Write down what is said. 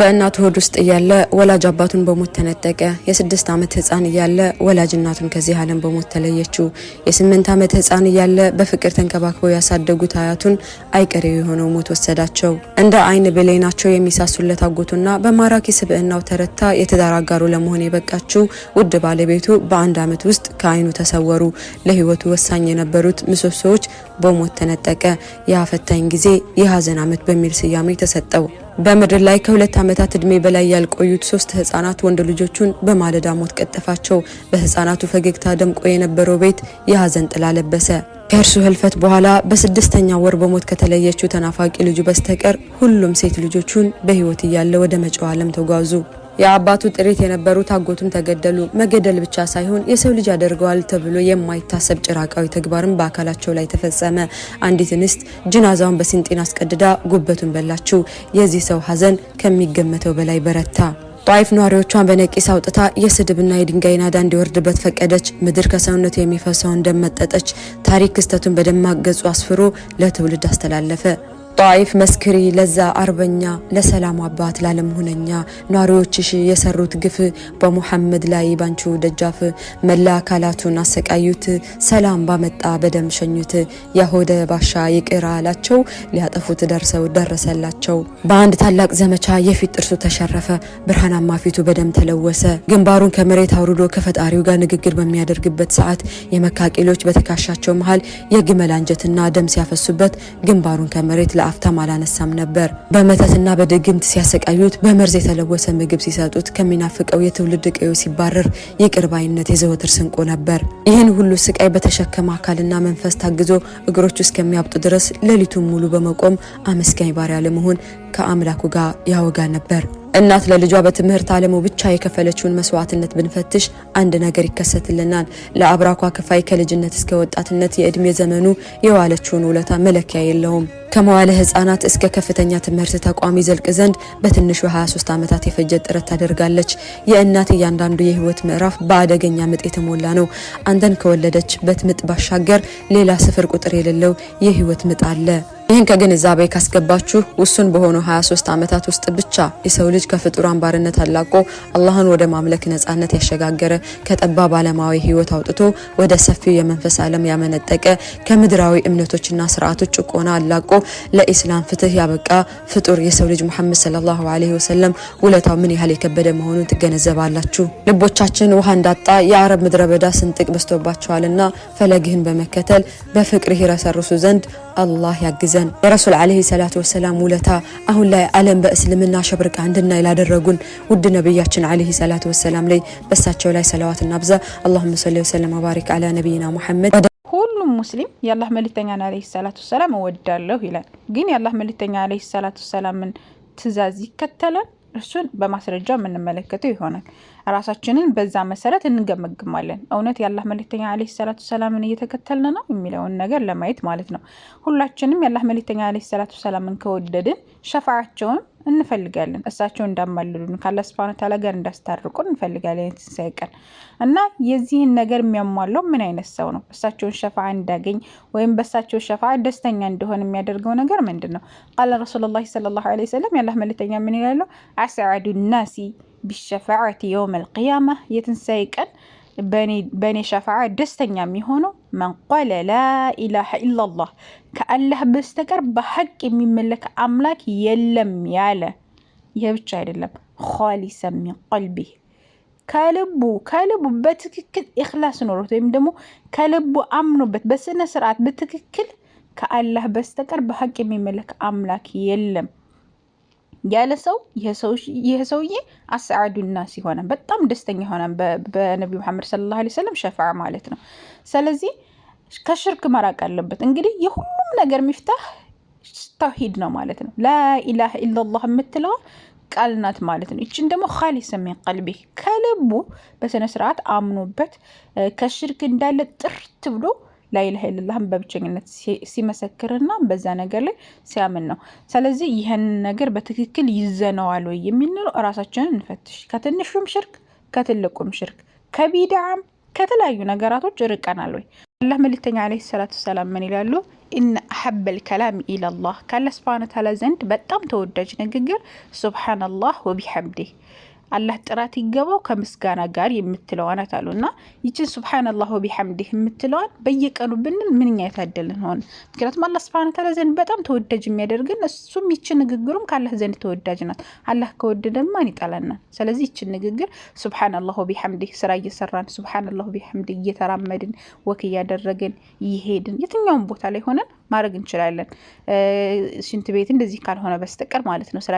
በእናቱ ሆድ ውስጥ እያለ ወላጅ አባቱን በሞት ተነጠቀ። የስድስት ዓመት ህፃን እያለ ወላጅ እናቱን ከዚህ ዓለም በሞት ተለየችው። የስምንት ዓመት ህፃን እያለ በፍቅር ተንከባክበው ያሳደጉት አያቱን አይቀሬው የሆነው ሞት ወሰዳቸው። እንደ አይን ብሌናቸው የሚሳሱለት አጎቱና በማራኪ ስብዕናው ተረታ የትዳር አጋሩ ለመሆን የበቃችው ውድ ባለቤቱ በአንድ ዓመት ውስጥ ከአይኑ ተሰወሩ። ለህይወቱ ወሳኝ የነበሩት ምሰሶዎች በሞት ተነጠቀ። የአፈታኝ ጊዜ የሀዘን ዓመት በሚል ስያሜ ተሰጠው። በምድር ላይ ከሁለት ዓመታት ዕድሜ በላይ ያልቆዩት ሶስት ህጻናት ወንድ ልጆቹን በማለዳ ሞት ቀጠፋቸው። በህጻናቱ ፈገግታ ደምቆ የነበረው ቤት የሀዘን ጥላ ለበሰ። ከእርሱ ህልፈት በኋላ በስድስተኛ ወር በሞት ከተለየችው ተናፋቂ ልጁ በስተቀር ሁሉም ሴት ልጆቹን በህይወት እያለ ወደ መጪው ዓለም ተጓዙ። የአባቱ ጥሪት የነበሩት አጎቱም ተገደሉ። መገደል ብቻ ሳይሆን የሰው ልጅ ያደርገዋል ተብሎ የማይታሰብ ጭራቃዊ ተግባርም በአካላቸው ላይ ተፈጸመ። አንዲት እንስት ጅናዛውን በስንጤን አስቀድዳ ጉበቱን በላችው። የዚህ ሰው ሀዘን ከሚገመተው በላይ በረታ። ጧይፍ ነዋሪዎቿን በነቂስ አውጥታ የስድብና የድንጋይ ናዳ እንዲወርድበት ፈቀደች። ምድር ከሰውነቱ የሚፈሰውን ደም መጠጠች። ታሪክ ክስተቱን በደማቅ ገጹ አስፍሮ ለትውልድ አስተላለፈ። ጣይፍ መስክሪ ለዛ አርበኛ ለሰላም አባት ላለም ሁነኛ ኗሪዎችሽ የሰሩት ግፍ በሙሐመድ ላይ ባንቹ ደጃፍ መላ አካላቱን አሰቃዩት ሰላም ባመጣ በደም ሸኙት ያሆደ ባሻ ይቅር አላቸው ሊያጠፉት ደርሰው ደረሰላቸው በአንድ ታላቅ ዘመቻ የፊት ጥርሱ ተሸረፈ ብርሃናማ ፊቱ በደም ተለወሰ ግንባሩን ከመሬት አውርዶ ከፈጣሪው ጋር ንግግር በሚያደርግበት ሰዓት የመካ ቂሎች በትከሻቸው መሃል የግመል አንጀትና ደም ሲያፈሱበት ግንባሩን ከመሬት ለአፍታም አላነሳም ነበር። በመተትና በድግምት ሲያሰቃዩት፣ በመርዝ የተለወሰ ምግብ ሲሰጡት፣ ከሚናፍቀው የትውልድ ቀዮ ሲባረር ይቅር የዘወትር ስንቆ ነበር። ይህን ሁሉ ስቃይ በተሸከመ አካልና መንፈስ ታግዞ እግሮቹ እስከሚያብጡ ድረስ ሌሊቱን ሙሉ በመቆም አመስጋኝ ባሪያ ለመሆን ከአምላኩ ጋር ያወጋ ነበር። እናት ለልጇ በትምህርት ዓለሙ ብቻ የከፈለችውን መስዋዕትነት ብንፈትሽ አንድ ነገር ይከሰትልናል። ለአብራኳ ክፋይ ከልጅነት እስከ ወጣትነት የእድሜ ዘመኑ የዋለችውን ውለታ መለኪያ የለውም። ከመዋለ ህጻናት እስከ ከፍተኛ ትምህርት ተቋም ይዘልቅ ዘንድ በትንሹ 23 ዓመታት የፈጀ ጥረት ታደርጋለች። የእናት እያንዳንዱ የህይወት ምዕራፍ በአደገኛ ምጥ የተሞላ ነው። አንተን ከወለደች በትምጥ ባሻገር ሌላ ስፍር ቁጥር የሌለው የህይወት ምጥ አለ። ይህን ከግንዛቤ ካስገባችሁ ውሱን በሆኑ 23 ዓመታት ውስጥ ብቻ የሰው ልጅ ከፍጡራን ባርነት አላቆ አላህን ወደ ማምለክ ነጻነት ያሸጋገረ ከጠባብ ዓለማዊ ህይወት አውጥቶ ወደ ሰፊው የመንፈስ ዓለም ያመነጠቀ ከምድራዊ እምነቶችና ስርዓቶች ጭቆና አላቆ ለኢስላም ፍትህ ያበቃ ፍጡር የሰው ልጅ ሙሐመድ ሰለላሁ ዐለይሂ ወሰለም ውለታው ምን ያህል የከበደ መሆኑን ትገነዘባላችሁ። ልቦቻችን ውሃ እንዳጣ የአረብ ምድረ በዳ ስንጥቅ በዝቶባቸዋልና ፈለግህን በመከተል በፍቅር ይረሰርሱ ዘንድ አላህ ያግዘን። የረሱል ዓለይሂ ሰላቱ ወሰላም ውለታ አሁን ላይ ዓለም በእስልምና ሸብርቃ እንድናይ ላደረጉን ውድ ነቢያችን ዓለይሂ ሰላቱ ወሰላም ላይ በሳቸው ላይ ሰለዋት እናብዛ። አላሁመ ሰሊ ወሰለም ወባሪክ አላ ነቢይና ሙሐመድ። ሁሉም ሙስሊም የአላህ መልክተኛን ዓለይሂ ሰላቱ ወሰላም እወዳለሁ ይላል። ግን የአላህ መልክተኛ ዓለይሂ ሰላቱ ወሰላምን ትእዛዝ ይከተላል? እሱን በማስረጃ የምንመለከተው ይሆናል። ራሳችንን በዛ መሰረት እንገመግማለን። እውነት የአላህ መልክተኛ ዓለይሂ ሰላቱ ሰላምን እየተከተልን ነው የሚለውን ነገር ለማየት ማለት ነው። ሁላችንም የአላህ መልክተኛ ዓለይሂ ሰላቱ ሰላምን ከወደድን ሸፋያቸውን እንፈልጋለን። እሳቸው እንዳማልሉን ካላ ስብን ታላ ጋር እንዳስታርቁን እንፈልጋለን። የትንሣኤ ቀን እና የዚህን ነገር የሚያሟለው ምን አይነት ሰው ነው? እሳቸውን ሸፋ እንዳገኝ ወይም በእሳቸው ሸፋ ደስተኛ እንደሆነ የሚያደርገው ነገር ምንድን ነው? ቃለ ረሱሉላ ሰለላሁ ዐለይሂ ወሰለም ያላህ መልእክተኛ ምን ይላሉ? አስዐዱ ናሲ ቢሸፋዓቲ የውም አልቅያማ የትንሣኤ ቀን በእኔ ሸፋዓ ደስተኛ የሚሆነው መንቆለ ላኢላሃ ኢላላህ ከአላህ በስተቀር በሀቅ የሚመለክ አምላክ የለም ያለ። ይህ ብቻ አይደለም፣ ኻሊሰ ሚን ቀልቢህ ከልቡ ከልቡ በትክክል ኢኽላስ ኖሮት ወይም ደግሞ ከልቡ አምኖበት በስነ ስርዓት በትክክል ከአላህ በስተቀር በሀቅ የሚመለክ አምላክ የለም ያለ ሰው ይህ ሰውዬ አስዓዱ ናስ ይሆናል። በጣም ደስተኛ ይሆናል በነቢዩ መሐመድ ሰለላሁ ዓለይሂ ወሰለም ሸፋዓ ማለት ነው። ስለዚህ ከሽርክ መራቅ አለበት። እንግዲህ የሁሉም ነገር ሚፍታህ ተውሂድ ነው ማለት ነው። ላኢላህ ኢላላህ የምትለው ቃል ናት ማለት ነው። ይችን ደግሞ ካሊስ ሚን ቀልቢ ከልቡ በስነ ስርዓት አምኖበት ከሽርክ እንዳለ ጥርት ብሎ ላኢላህ ኢላላህን በብቸኝነት ሲመሰክርና በዛ ነገር ላይ ሲያምን ነው። ስለዚህ ይህን ነገር በትክክል ይዘነዋል ወይ የሚንለው እራሳችንን እንፈትሽ። ከትንሹም ሽርክ ከትልቁም ሽርክ ከቢድዓም ከተለያዩ ነገራቶች ርቀናል ወይ? አላህ መልክተኛ ዓለይሂ ሰላቱ ሰላም ምን ይላሉ? ኢነ አሐበል ከላም ኢለላህ ካለ ስብሃነ ተዓላ ዘንድ በጣም ተወዳጅ ንግግር ሱብሓነላህ ወቢሐምዲህ አላህ ጥራት ይገባው ከምስጋና ጋር የምትለዋ ናት አሉ እና ይችን ሱብሓነላህ ወቢሐምዲህ የምትለዋን በየቀኑ ብንል ምንኛ የታደልን ሆነ። ምክንያቱም አላህ ስብሐነ ተዓላ ዘንድ በጣም ተወዳጅ የሚያደርግን እሱም ይችን ንግግሩም ከአላህ ዘንድ ተወዳጅ ናት። አላህ ከወደደ ማን ይጠላናል? ስለዚህ ይችን ንግግር ሱብሓነላህ ወቢሐምዲህ ስራ እየሰራን ሱብሓነላህ ወቢሐምዲህ እየተራመድን ወክ እያደረግን እየሄድን የትኛውም ቦታ ላይ ሆነን ማድረግ እንችላለን። ሽንት ቤት እንደዚህ ካልሆነ በስተቀር ማለት ነው ስራ